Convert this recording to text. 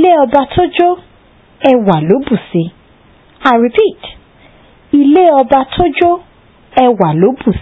ilé ọba tó jó ẹwà ló bù i repeat ilé ọba tó jó ẹwà ló bù